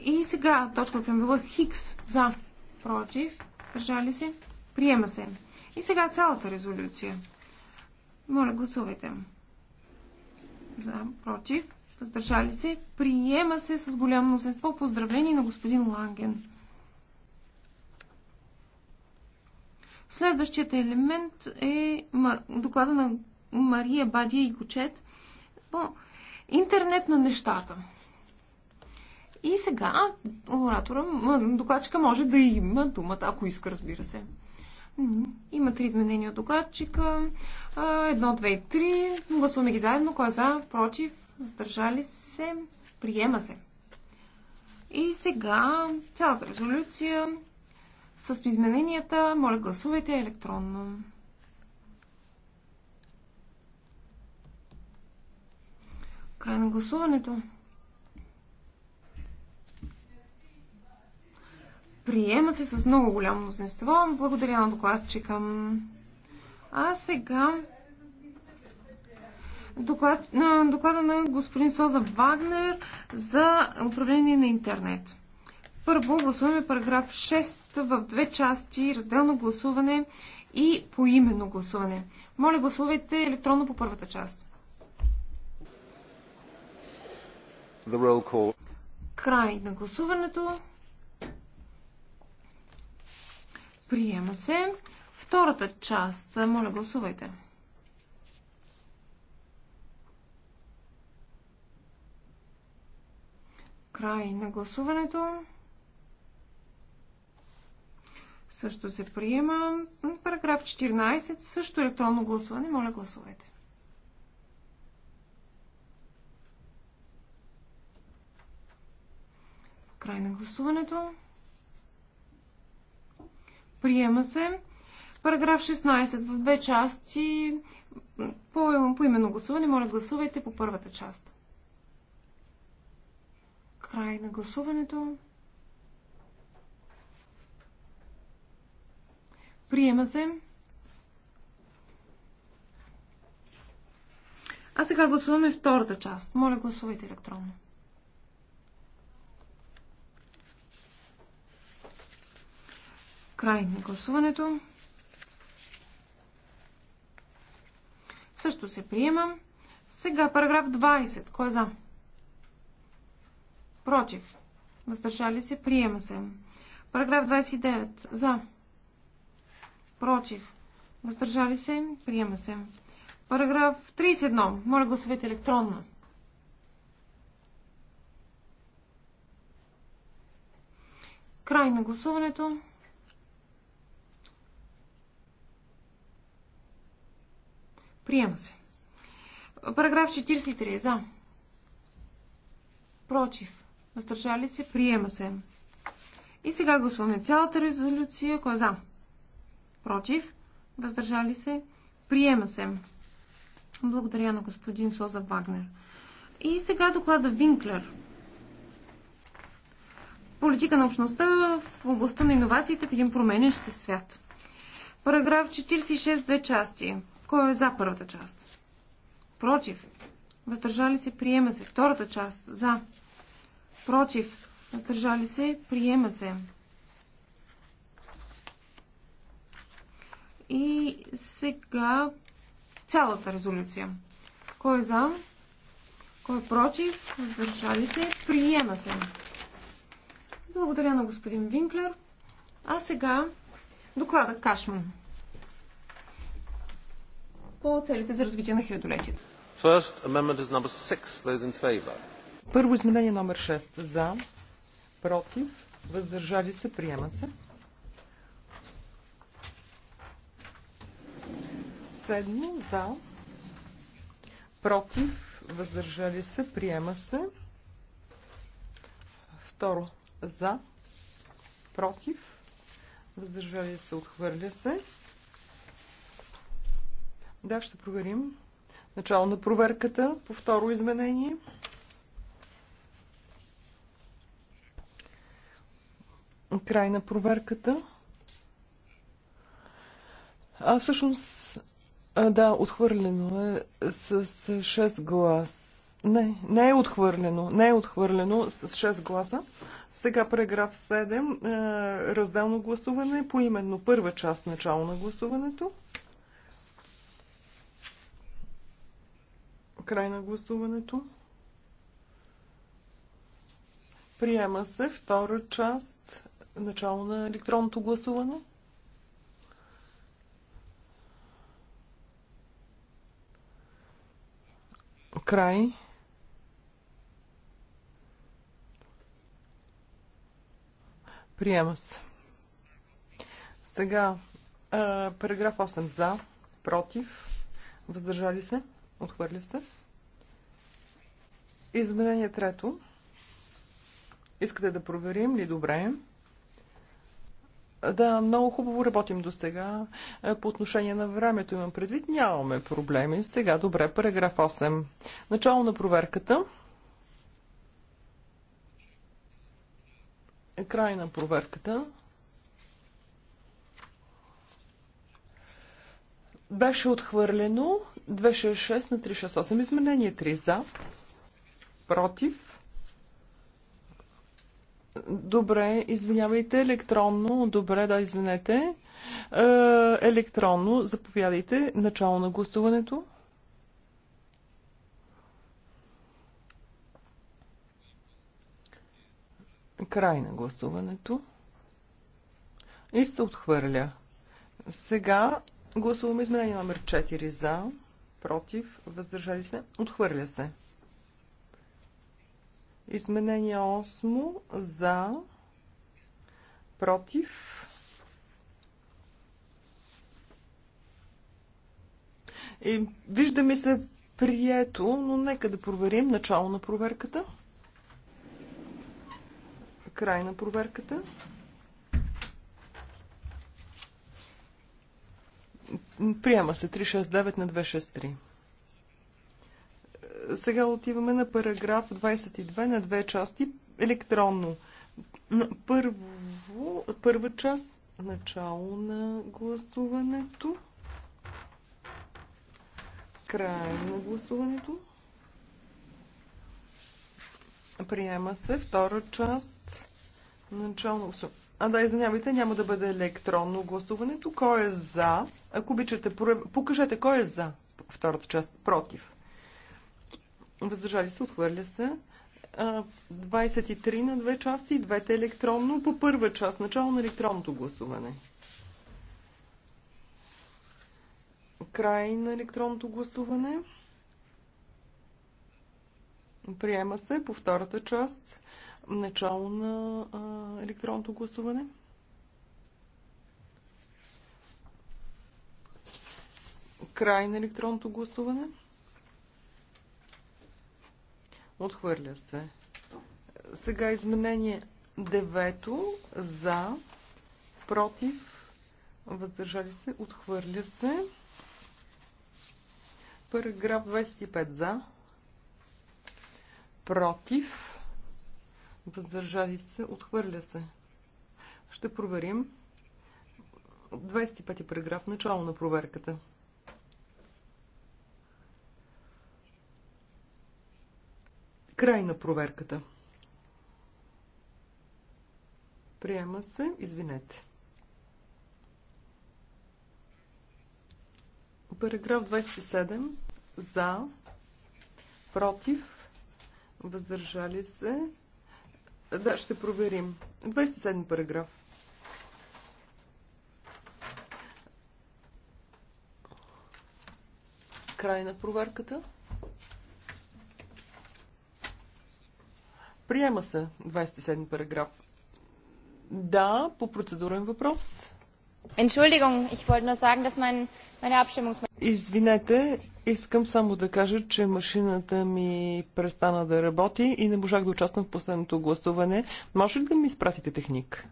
И сега точка от правила Хикс за, против, въздържали се, приема се. И сега цялата резолюция. Моля, гласувайте. За, против, въздържали се, приема се с голямо мнозинство. Поздравление на господин Ланген. Следващият елемент е доклада на Мария Бадия и Гочет по интернет на нещата. И сега оратора, докладчика може да има думата, ако иска, разбира се. Има три изменения от докладчика. Едно, две и три. Гласуваме ги заедно. Кой е за, против, въздържали се, приема се. И сега цялата резолюция с измененията. Моля, гласувайте електронно. Край на гласуването. Приема се с много голямо мнозинство. Благодаря на докладчика. А сега доклад, на доклада на господин Соза Вагнер за управление на интернет. Първо гласуваме параграф 6 в две части, разделно гласуване и поименно гласуване. Моля, гласувайте електронно по първата част. Край на гласуването. Приема се. Втората част. Моля, гласувайте. Край на гласуването също се приема. Параграф 14 също електронно гласуване. Моля гласувайте. Край на гласуването. Приема се. Параграф 16 в две части. По, по именно гласуване, моля гласувайте по първата част. Край на гласуването. Приема се. А сега гласуваме втората част. Моля, гласувайте електронно. Край на гласуването. Също се приемам. Сега параграф 20. Кой е за? Против. Въздържали се. Приема се. Параграф 29. За. Против. Въздържали се. Приема се. Параграф 31. Моля гласовете електронно. Край на гласуването. Приема се. Параграф 43. За. Против. Въздържали се. Приема се. И сега гласуваме цялата резолюция. Кой е за? против, въздържали се, приема се. Благодаря на господин Соза Вагнер. И сега доклада Винклер. Политика на общността в областта на иновациите в един променящ се свят. Параграф 46, две части. Кой е за първата част? Против. Въздържали се, приема се. Втората част. За. Против. Въздържали се, приема се. И сега цялата резолюция. Кой е за? Кой е против? Въздържали се? Приема се. Благодаря на господин Винклер. А сега доклада Кашман по целите за развитие на хилядолетието. Първо изменение номер 6. За, против, въздържали се, приема се. 7 за, против, въздържали се, приема се. Второ за, против, въздържали се, отхвърля се. Да, ще проверим. Начало на проверката по второ изменение. Край на проверката. А всъщност а, да, отхвърлено е с, с 6 глас. Не, не е отхвърлено. Не е отхвърлено с 6 гласа. Сега параграф 7. Е, разделно гласуване по именно първа част начало на гласуването. Край на гласуването. Приема се втора част начало на електронното гласуване. Край. Приема се. Сега, а, параграф 8 за, против, въздържали се, отхвърля се. Изменение трето. Искате да проверим ли? Добре. Да, много хубаво работим до сега. Е, по отношение на времето имам предвид, нямаме проблеми. Сега, добре, параграф 8. Начало на проверката. Е, край на проверката. Беше отхвърлено 266 на 368. Изменение 3 за, против, Добре, извинявайте, електронно. Добре, да, извинете. Е, електронно, заповядайте. Начало на гласуването. Край на гласуването. И се отхвърля. Сега гласуваме изменение номер 4 за, против, въздържали се, отхвърля се. Изменение 8 за, против. И вижда ми се прието, но нека да проверим начало на проверката. Край на проверката. Приема се 369 на 263. Сега отиваме на параграф 22 на две части електронно. Първо, първа част начало на гласуването. Край на гласуването. Приема се втора част. Начално. А да, извинявайте, няма да бъде електронно гласуването. Кой е за? Ако обичате, покажете кой е за втората част. Против въздържали се, отхвърля се. 23 на две части, двете електронно, по първа част, начало на електронното гласуване. Край на електронното гласуване. Приема се по втората част, начало на електронното гласуване. Край на електронното гласуване. Отхвърля се. Сега изменение девето за, против, въздържали се, отхвърля се. Параграф 25 за, против, въздържали се, отхвърля се. Ще проверим. 25 параграф, начало на проверката. Край на проверката. Приема се. Извинете. Параграф 27. За. Против. Въздържали се. Да, ще проверим. 27 параграф. Край на проверката. Приема се 27 параграф. Да, по процедурен въпрос. Entschuldigung, ich wollte nur sagen, dass mein, meine Abstimmungs... Извинете, искам само да кажа, че машината ми престана да работи и не можах да участвам в последното гласуване. Може ли да ми изпратите техник?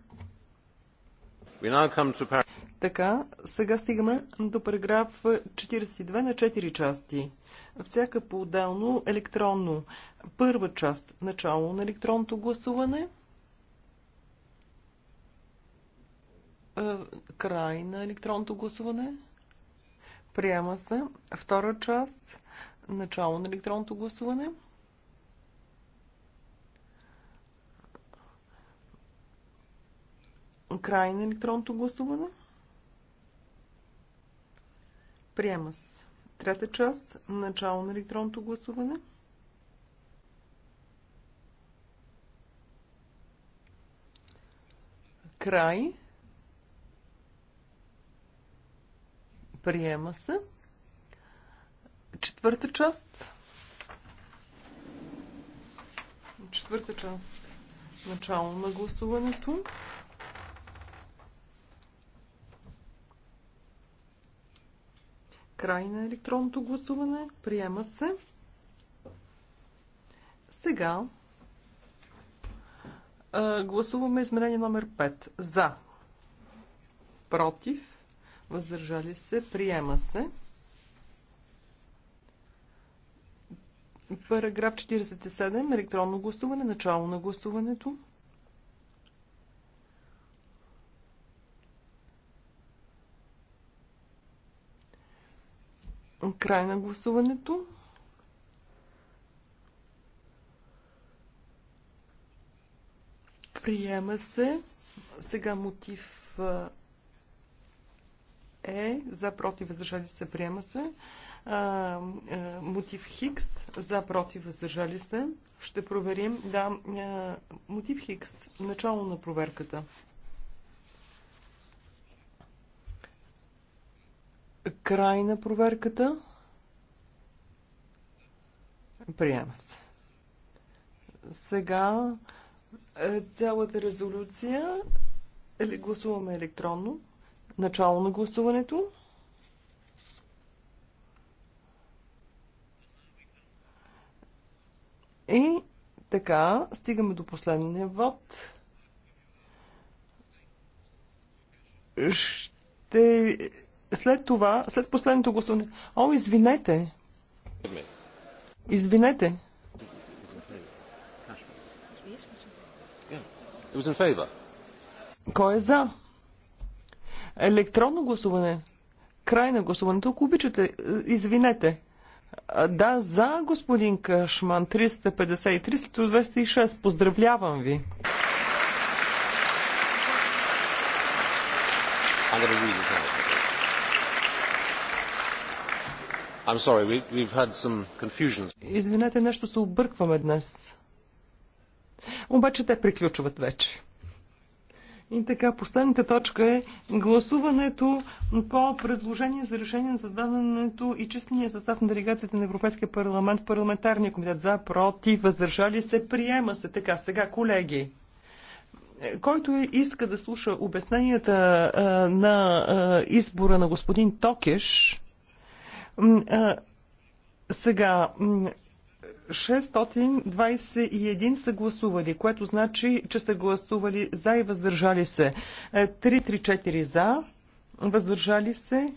To... Така, сега стигаме до параграф 42 на 4 части всяка по-отделно електронно. Първа част – е, начало на електронното гласуване, край на електронното гласуване, приема се. Втора част – начало на електронното гласуване, край на електронното гласуване, приема се. Трета част. Начало на електронното гласуване. Край. Приема се. Четвърта част. Четвърта част. Начало на гласуването. Край на електронното гласуване. Приема се. Сега а, гласуваме изменение номер 5. За. Против. Въздържали се. Приема се. Параграф 47. Електронно гласуване. Начало на гласуването. Край на гласуването. Приема се. Сега мотив е за против въздържали се. Приема се. А, а, мотив Хикс за против въздържали се. Ще проверим. Да, а, мотив Хикс. Начало на проверката. Край на проверката. Приема се. Сега е, цялата резолюция гласуваме електронно. Начало на гласуването. И така, стигаме до последния вод. Ще след това, след последното гласуване. О, извинете. Извинете. Кой е за? Електронно гласуване. Край на гласуването. Ако обичате, извинете. Да, за господин Кашман 353 206. Поздравлявам ви. I'm going to read this out. I'm sorry, we, we've had some confusion. Извинете, нещо се объркваме днес. Обаче те приключват вече. И така, последната точка е гласуването по предложение за решение на създаването и числения състав на делегацията на Европейския парламент, парламентарния комитет за, против, въздържали се, приема се. Така, сега, колеги, който е, иска да слуша обясненията на избора на господин Токеш, сега, 621 са гласували, което значи, че са гласували за и въздържали се. 334 е, за, въздържали се.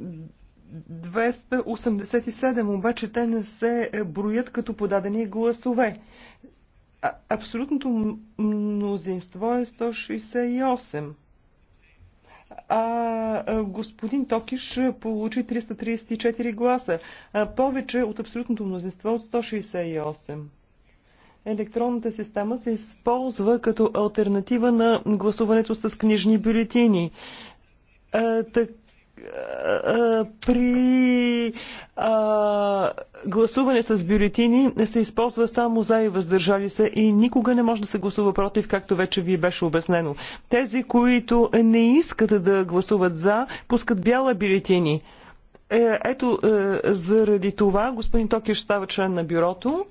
287, обаче те не се е, броят като подадени гласове. А, абсолютното мнозинство е 168 а господин Токиш получи 334 гласа, повече от абсолютното мнозинство от 168. Електронната система се използва като альтернатива на гласуването с книжни бюлетини. Так при а, гласуване с бюлетини се използва само за и въздържали се и никога не може да се гласува против, както вече ви беше обяснено. Тези, които не искат да гласуват за, пускат бяла бюлетини. Е, ето, е, заради това господин Токиш става член на бюрото.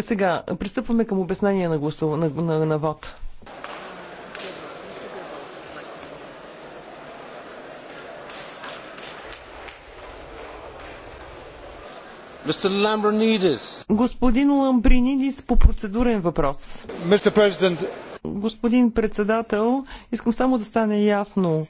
Сега, пристъпваме към обяснение на, гласу... на, на, на, на вод. Господин Ламбринидис по процедурен въпрос. Господин председател, искам само да стане ясно.